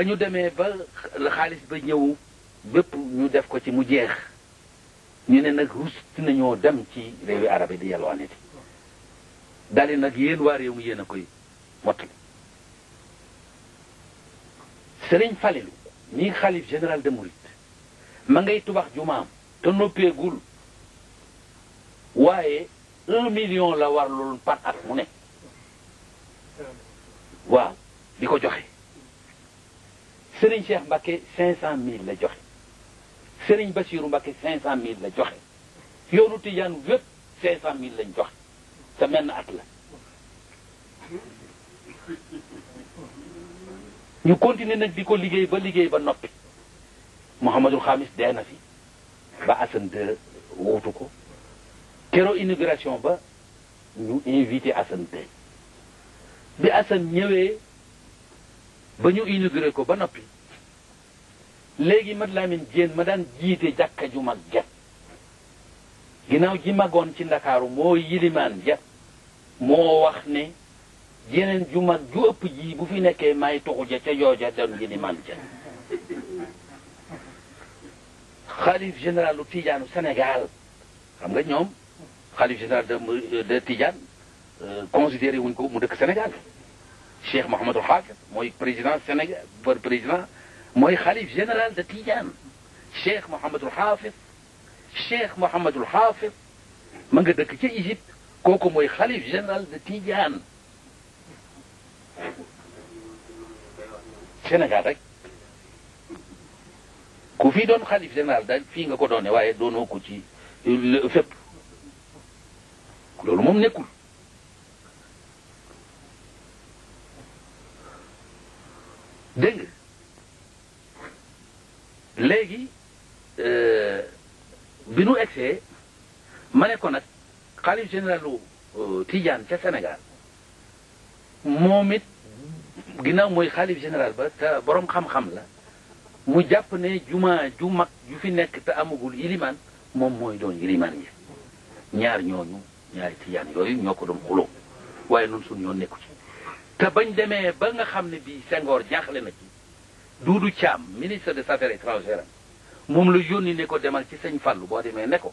dañu demee ba xaalis ba ñëw bépp ñu def ko ci mu jeex ñu ne nag rust nañoo dem ci réewi arab yi di yalwaaneti dali nag yéen waa réew mi yéen a koy mottali sëriñ Falilu ñii xalif général de Mouride ma ngay tubax jumaam te noppeegul waaye un million la war loolu par mu ne waaw di ko joxe Serigne Cheikh cent 500000 la joxe Serigne Bassirou Mbacke 500000 la joxe yoonu Tijaan wépp 500000 lañ joxe te menn at la ñu continuer nag di ko liggéey ba liggéey ba noppi Mouhamadul Khamis dee na fi ba Assane II wuutu ko kero inauguration ba ñu invité Assane II bi Assane ñëwee. ba ñu inauguré ko ba noppi léegi Mat Lamin Jéen ma daan jiite jàkka ju mag ja ginnaaw ji magoon ci ndakaaru moo yilimaan ja moo wax ne jeneen ju mag ju ëpp ji bu fi nekkee may tuxu ja ca ja doon yilimaan ja xalif généralu Tijaanu senegaal xam nga ñoom xalif général de Tijaan euh, considéré wuñ ko mu dëkk Sénégal Cheikh Mouhamadul Xaakir mooy président Sénégal président mooy xalif général de Tidiane Cheikh Mouhamadul Xaafis Cheikh Mouhamadul Xaafis ma nga dëkk ca Égypte kooku mooy xalif général de Tidiane Sénégal rek ku fi doon xalif général daal fii nga ko doone waaye doonoo ko ci fépp loolu moom nekkul. léegi euh, bi nu egsee ma ne ko nag xalif généralu euh, Tijaan ca Sénégal moom it ginnaaw mooy xalif général ba te borom xam-xam la mu jàpp ne jumaa ju mag ju fi nekk te amagul ilimaan moom mooy doon ilimaan yi ñaar ñooñu ñaari Tijaan yooyu ñoo ko doon xuloo waaye noonu suñu yoon nekku ci te bañ demee ba nga xam ne bii sengoor jaaxle na ci Doudou caam ministre des affaires étrangères moom lu yónni ni ko demal ci sëñ Fallou boo demee ne ko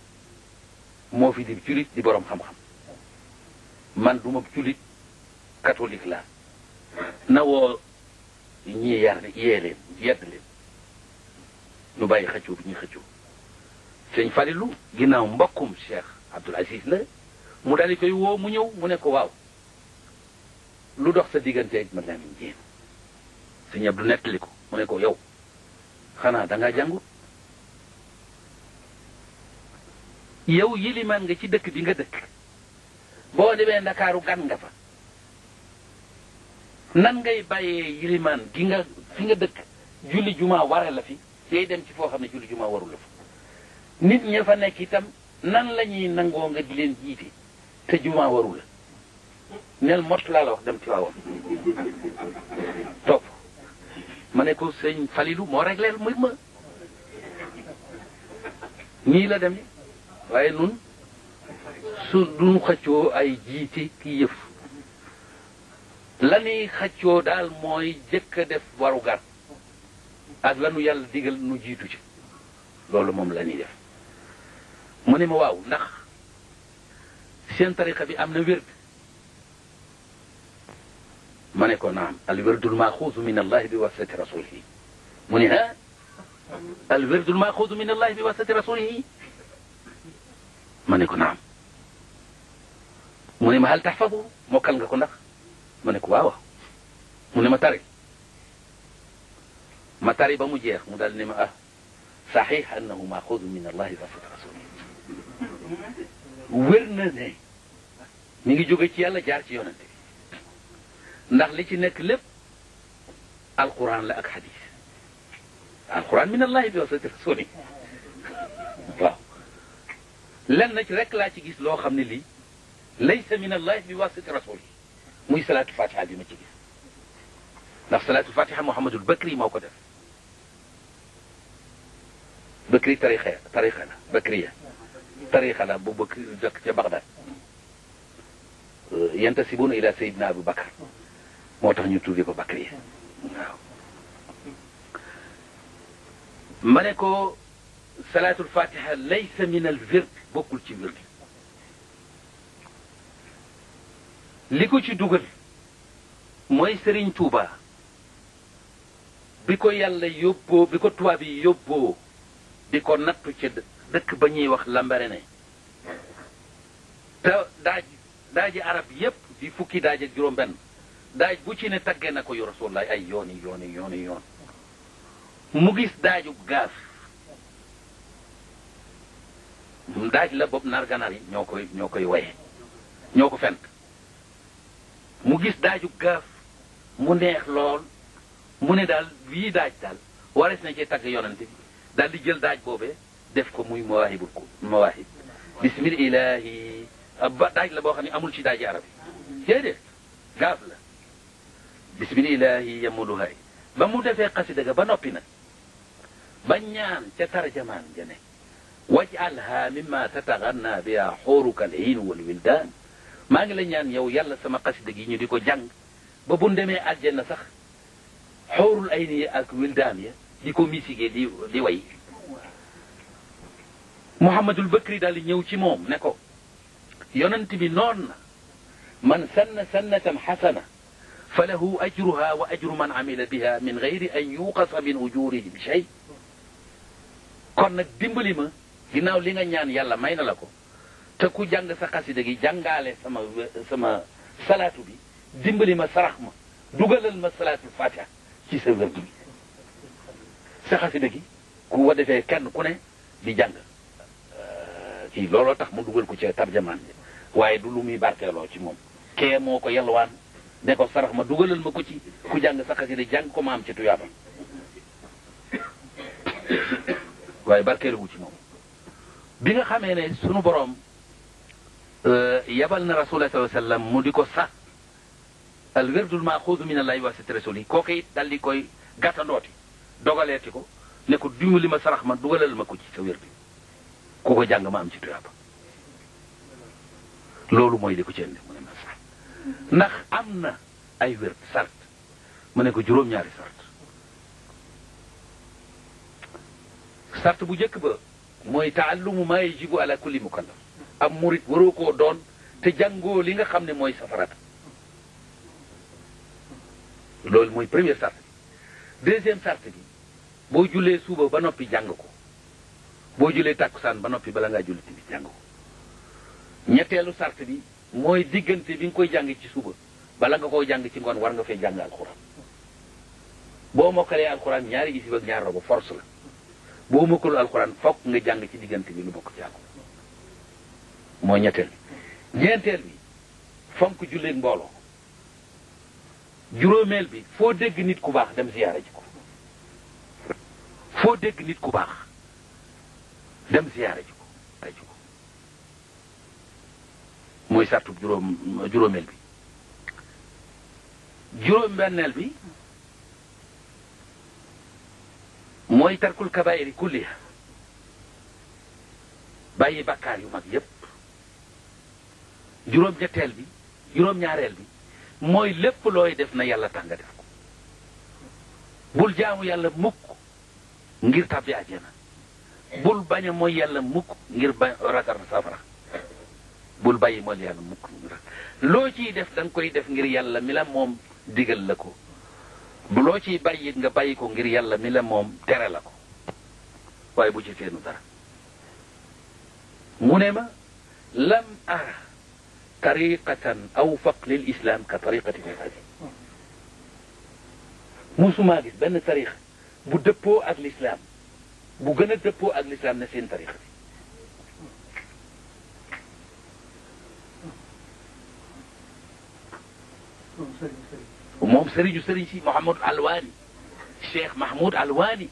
moo fi di jullit di boroom xam-xam man du ma jullit katolik la na woo ñii yar yee leen yedd leen ñu bàyyi xëccoo bi ñuy xëccoo sëñ Falilou ginnaaw mbokkum Cheikh Abdoul Aziz la mu daal koy woo mu ñëw mu ne ko waaw lu dox sa diggante ak ma Lamine Diène sëñ Abdou nettali ko mu ne ko yow xanaa danga ngaa yow yilimaan nga ci dëkk bi nga dëkk boo demee ndakaaru gan nga fa nan ngay bàyyee yilimaan gi nga fi nga dëkk julli jumaa ware la fi ngay dem ci foo xam ne julli jumaa waru la fa nit ña fa nekk itam nan la ñuy nangoo nga di leen jiite te jumaa waru la nel mott laa la wax dem ci ma ne ko sëñ Falilou moo réglé muy ma nii la demee waaye nun su duñu xëccoo ay jiiti ki yëf lanuy xëccoo daal mooy jëkk def warugar ak lanu yàlla digal nu jiitu ci loolu moom la def mu ne ma waaw ndax seen tariqa bi am na wérd ma ne ko naam alwirdul maaxuudu min allahi bi wasati rasulihi mu ne ah alwirdul maaxuudu min allahi bi wasati rasulihi ma ne ko naam mu ne ma hal taxfazu mokkal nga ko ndax ma ne ko waaw mu ne ma tari ma tari ba mu jeex mu daal ne ma ah saxiix annahu maaxuudu min allahi bi wasati rasulihi wér na ne mi ngi jóge ci yàlla jaar ci yonante ndax li ci nekk lépp alquran la ak xadis alquran min allahi bi wasati rasuli waaw lenn na ci rek laa ci gis loo xam ne lii laysa min allahi bi wasati rasuli muy salaatu fatiha bi ma ci gis ndax salaatu fatiha Mouhamadul Bakri moo ko def Bakri tarixa tarixa la Bakriya tarixa la bu Bakri dëkk ca Bagdad yantasibuna ila sayidina Abu Bakar moo tax ñu tuddee ko Bakriya waaw ma ne ko salaatul fatiha laysa min al wird bokkul ci wird li ko ci dugal mooy sëriñ tuuba bi ko yàlla yóbboo bi ko tubaab yi yóbboo di ko nattu ci dëkk ba ñuy wax Lambaréné te daaj daaji arab yépp di fukki daaj ak juróom-benn daaj bu ci ne tagge na ko yu rasulullaay ay yooni yooni yooni yoon mu gis daajub gaas daaj la bopp naar ganaar yi ñoo koy ñoo koy waye ñoo ko fent mu gis daajub gaas mu neex lool mu ne daal yii daaj daal warees na ci tagg yonante bi daal di jël daaj boobee def ko muy mawaahibul ko mawaahib bismil daaj la boo xam ne amul ci daaji arab yi déedéet gaaf la bismillaahi yamuduhay ba mu defee xasida ga ba noppi nag ba ñaan ca tarjamaan ja ne wajalha mimma tataganna biha xóoruka al hiin wal wildaan maa ngi la ñaan yow yàlla sama xasida gi ñu di ko jàng ba bu demee àjjana sax xóorul ay ni ak wildaan ya di ko misigee di way Muhammadul Bakri daal ñëw ci moom ne ko yonent bi noon na man sanna sannatan xasana fa lahu ajruha wa ajru man amila biha min gayri an yuqasa min ujurihim shay kon nag dimbali ma ginnaaw li nga ñaan yàlla may na la ko te ku jàng sa xasida gi jàngaale sama salaatu bi dimbali ma sarax ma dugalal ma salaatul fatiha ci sa wérdu bi sa xasida gi ku wa defee kenn ku ne di jàng euh, kii looloo tax mu dugal ko ci tarjamaan bi waaye du lu muy barkeeloo ci moom kee moo ko yalwaan ne ko sarax ma dugalal ma ko ci ku jàng sa xasida jàng ko ma am ci tuyaaba waaye barkeeluwu ci moom bi nga xamee ne sunu boroom euh, yabal na rasulullah sallallahu alayhi wasallam mu di ko sax al wirdul maxuudu lay allahi wa sit yi kooku it dal di koy gàttandooti dogaleeti ko ne ko li ma sarax ma dugalal ma ko ci sa wér bi ku ko jàng ma am ci tuyaaba loolu mooy li ko ci indi mu ne ma sax ndax am na ay wér sart mu ne ko juróom-ñaari sart sart bu njëkk ba mooy taallumu maa yajibu ala kulli mukallaf am murit waroo ko doon te jàngoo li nga xam ne mooy safarat loolu mooy première sart bi deuxième sart bi boo jullee suuba ba noppi jàng ko boo jullee tàkkusaan ba noppi bala ngaa julli timis jàng ko ñetteelu sart bi mooy diggante bi nga koy jàng ci suba bala nga koo jàng ci ngoon war nga fee jàng alxuraan boo mokkalee alxuraan ñaari isib ak ñaar robo force la boo mokkalu alxuraan fokk nga jàng ci diggante bi lu bokk ci àqu mooy ñetteel bi ñeenteel bi fonk julleeg mbooloo juróomeel bi foo dégg nit ku baax dem ziyaara ji ko foo dégg nit ku baax dem ziyaara ji mooy sartu juróom juróomeel bi juróom benneel bi mooy tarkul kabaayiri kulliya bàyyi bakkaar yu mag yépp juróom ñetteel bi juróom ñaareel bi mooy lépp looy def na yàlla tax nga def ko bul jaamu yàlla mukk ngir tàbbi àjjana bul bañ a mooy yàlla mukk ngir bañ ragal safara bul bàyyi mooy yàlla mukk loo ciy def da koy def ngir yàlla mi la moom digal la ko bu loo ciy bàyyi nga bàyyi ko ngir yàlla mi la moom tere la ko waaye bu ci feenu dara mu ne ma lam ara tariqatan awfaq lil islam ka tariqati mihadi musumaa gis benn tariqa bu dëppoo ak lislaam bu gën dëppoo ak lislaam ne seen tariqa moom sëriñu sëriñ si Mouhamadou Alwaani Cheikh Mahmoud Alwaani